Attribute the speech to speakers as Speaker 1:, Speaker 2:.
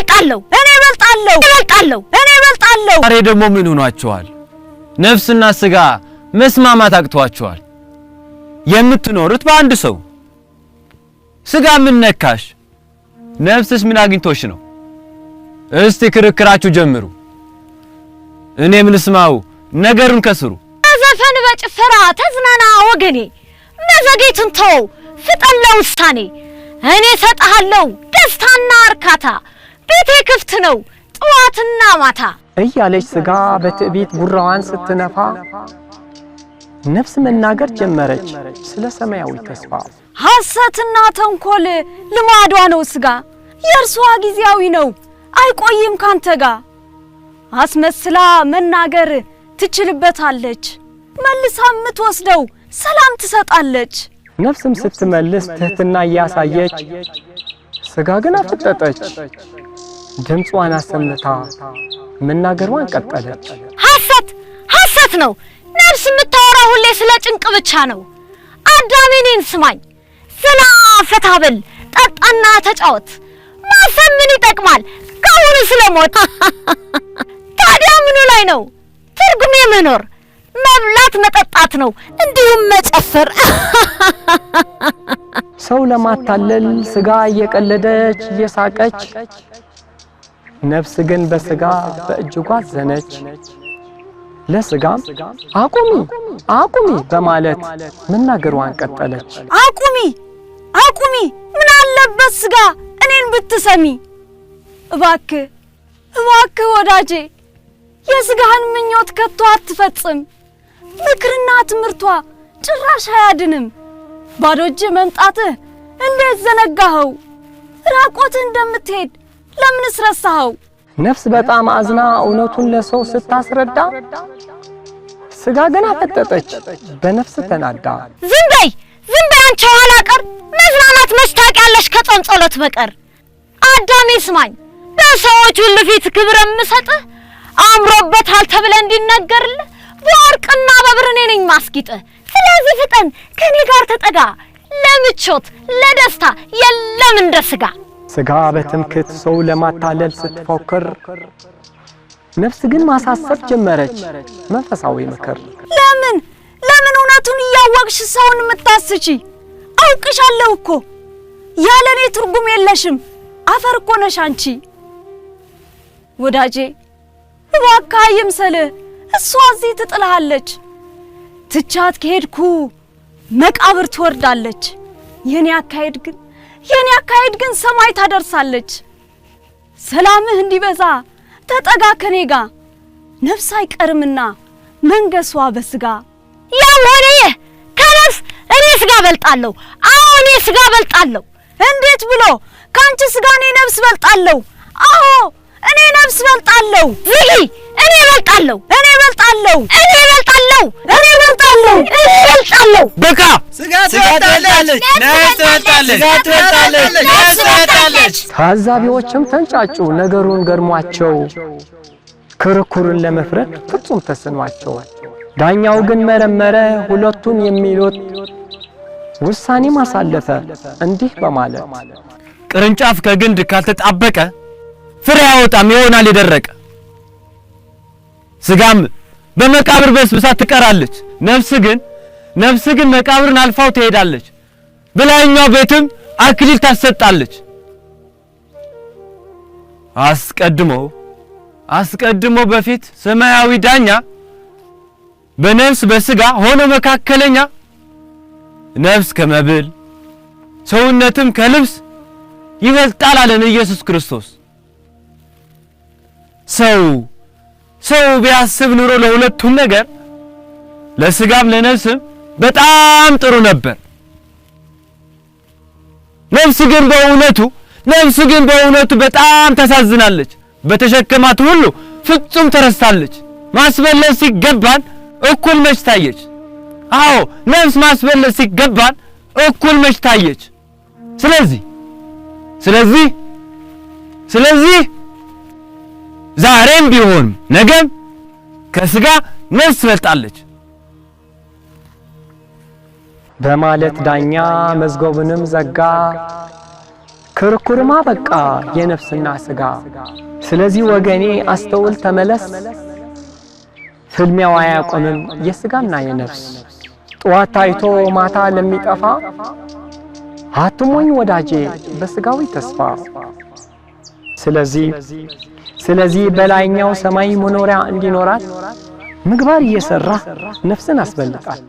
Speaker 1: እበልጣለሁ፣ እኔ እበልጣለሁ፣ እበልጣለሁ፣ እኔ እበልጣለሁ።
Speaker 2: ዛሬ ደግሞ ምን ሆኗቸዋል? ነፍስና ስጋ መስማማት አቅቷቸዋል። የምትኖሩት በአንድ ሰው ስጋ ምን ነካሽ? ነፍስስ ምን አግኝቶሽ ነው? እስቲ ክርክራችሁ ጀምሩ። እኔ ምን ስማው ነገሩን ከስሩ።
Speaker 1: በዘፈን በጭፈራ ተዝናና ወገኔ፣ መዘጌትን ተው፣ ፍጠን ለውሳኔ። እኔ ሰጥሃለሁ ደስታና እርካታ ቤቴ ክፍት ነው ጠዋትና ማታ
Speaker 2: እያለች ስጋ በትዕቢት ጉራዋን ስትነፋ ነፍስ መናገር ጀመረች ስለ ሰማያዊ ተስፋ።
Speaker 1: ሐሰትና ተንኮል ልማዷ ነው ስጋ የእርሷ ጊዜያዊ ነው አይቆይም ካንተ ጋ። አስመስላ መናገር ትችልበታለች መልሳ የምትወስደው ሰላም ትሰጣለች።
Speaker 2: ነፍስም ስትመልስ ትህትና እያሳየች ስጋ ግን አፈጠጠች። ድምጿን አሰምታ መናገሯን ቀጠለች።
Speaker 1: ሐሰት ሐሰት ነው። ነፍስ የምታወራ ሁሌ ስለ ጭንቅ ብቻ ነው። አዳሜ እኔን ስማኝ፣ ዝና፣ ፈታ ብል፣ ጠጣና ተጫወት። ማሰብ ምን ይጠቅማል? ከአሁኑ ሞት ታዲያ ምኑ ላይ ነው ትርጉሜ መኖር? መብላት መጠጣት ነው፣ እንዲሁም መጨፈር።
Speaker 2: ሰው ለማታለል ስጋ እየቀለደች እየሳቀች ነፍስ ግን በስጋ በእጅጉ አዘነች። ለሥጋም አቁሚ አቁሚ በማለት መናገሯን ቀጠለች።
Speaker 1: አቁሚ አቁሚ፣ ምን አለበት ስጋ እኔን ብትሰሚ። እባክህ እባክህ ወዳጄ የሥጋህን ምኞት ከቶ አትፈጽም። ምክርና ትምህርቷ ጭራሽ አያድንም። ባዶ እጅህ መምጣትህ እንዴት ዘነጋኸው? ራቆትህ እንደምትሄድ ለምን ረሳኸው?
Speaker 2: ነፍስ በጣም አዝና እውነቱን ለሰው ስታስረዳ ስጋ ገና ፈጠጠች በነፍስ ተናዳ።
Speaker 1: ዝም በይ ዝም በይ አንቺ ኋላ ቀር መዝናናት መች ያለሽ ከጾም ጸሎት በቀር። አዳሜ ስማኝ፣ በሰዎች ሁሉ ፊት ክብር የምሰጥህ አምሮበታል ተብለህ እንዲነገርልህ በወርቅና በብር እኔ ነኝ ማስጊጥህ። ስለዚህ ፍጠን ከኔ ጋር ተጠጋ፣ ለምቾት ለደስታ የለም እንደ ስጋ
Speaker 2: ስጋ በትምክት ሰው ለማታለል ስትፎክር ነፍስ ግን ማሳሰብ ጀመረች መንፈሳዊ ምክር።
Speaker 1: ለምን ለምን እውነቱን እያወቅሽ ሰውን የምታስቺ? አውቅሻለሁ እኮ ያለ እኔ ትርጉም የለሽም። አፈር እኮ ነሽ አንቺ። ወዳጄ እባክህ አይምሰልህ፣ እሷ እዚህ ትጥልሃለች። ትቻት ከሄድኩ መቃብር ትወርዳለች። የእኔ አካሄድ ግን የኔ አካሄድ ግን ሰማይ ታደርሳለች። ሰላምህ እንዲበዛ ተጠጋ ከኔ ጋ ነፍስ አይቀርምና መንገሷ በስጋ ያም ሆነ ይህ ከነፍስ እኔ ስጋ በልጣለሁ። አዎ እኔ ስጋ በልጣለሁ። እንዴት ብሎ ከአንቺ ስጋ እኔ ነፍስ በልጣለሁ። አዎ እኔ ነፍስ በልጣለሁ። ዝጊ እኔ በልጣለሁ። እኔ በልጣለሁ። እኔ በልጣለሁ። እኔ
Speaker 2: በቃ ታዛቢዎችም ተንጫጩ። ነገሩን ገርሟቸው ክርክሩን ለመፍረድ ፍጹም ተስኗቸዋል። ዳኛው ግን መረመረ ሁለቱን የሚሉት ውሳኔ ማሳለፈ እንዲህ በማለት ቅርንጫፍ ከግንድ ካልተጣበቀ ፍሬ አያወጣም ይሆናል የደረቀ ስጋም በመቃብር በስብሳ ትቀራለች። ነፍስ ግን ነፍስ ግን መቃብርን አልፋው ትሄዳለች። በላይኛው ቤትም አክሊል ታሰጣለች። አስቀድሞ አስቀድሞ በፊት ሰማያዊ ዳኛ በነፍስ በስጋ ሆኖ መካከለኛ ነፍስ ከመብል ሰውነትም ከልብስ ይበልጣል አለን ኢየሱስ ክርስቶስ ሰው ሰው ቢያስብ ኑሮ ለሁለቱም ነገር ለስጋም ለነፍስም በጣም ጥሩ ነበር። ነፍስ ግን በእውነቱ ነፍስ ግን በእውነቱ በጣም ታሳዝናለች። በተሸከማት ሁሉ ፍጹም ተረስታለች። ማስበለስ ሲገባን እኩል መች ታየች። አዎ ነፍስ ማስበለስ ሲገባን እኩል መች ታየች። ስለዚህ ስለዚህ ስለዚህ ዛሬም ቢሆን ነገም ከስጋ ነፍስ ትበልጣለች በማለት ዳኛ መዝገቡንም ዘጋ። ክርኩርማ በቃ የነፍስና ስጋ። ስለዚህ ወገኔ አስተውል ተመለስ፣ ፍልሚያው አያቆምም የስጋና የነፍስ። ጠዋት ታይቶ ማታ ለሚጠፋ አትሞኝ ወዳጄ በስጋዊ ተስፋ ስለዚህ ስለዚህ በላይኛው ሰማይ መኖሪያ እንዲኖራት ምግባር እየሰራ ነፍስን አስበልጣል።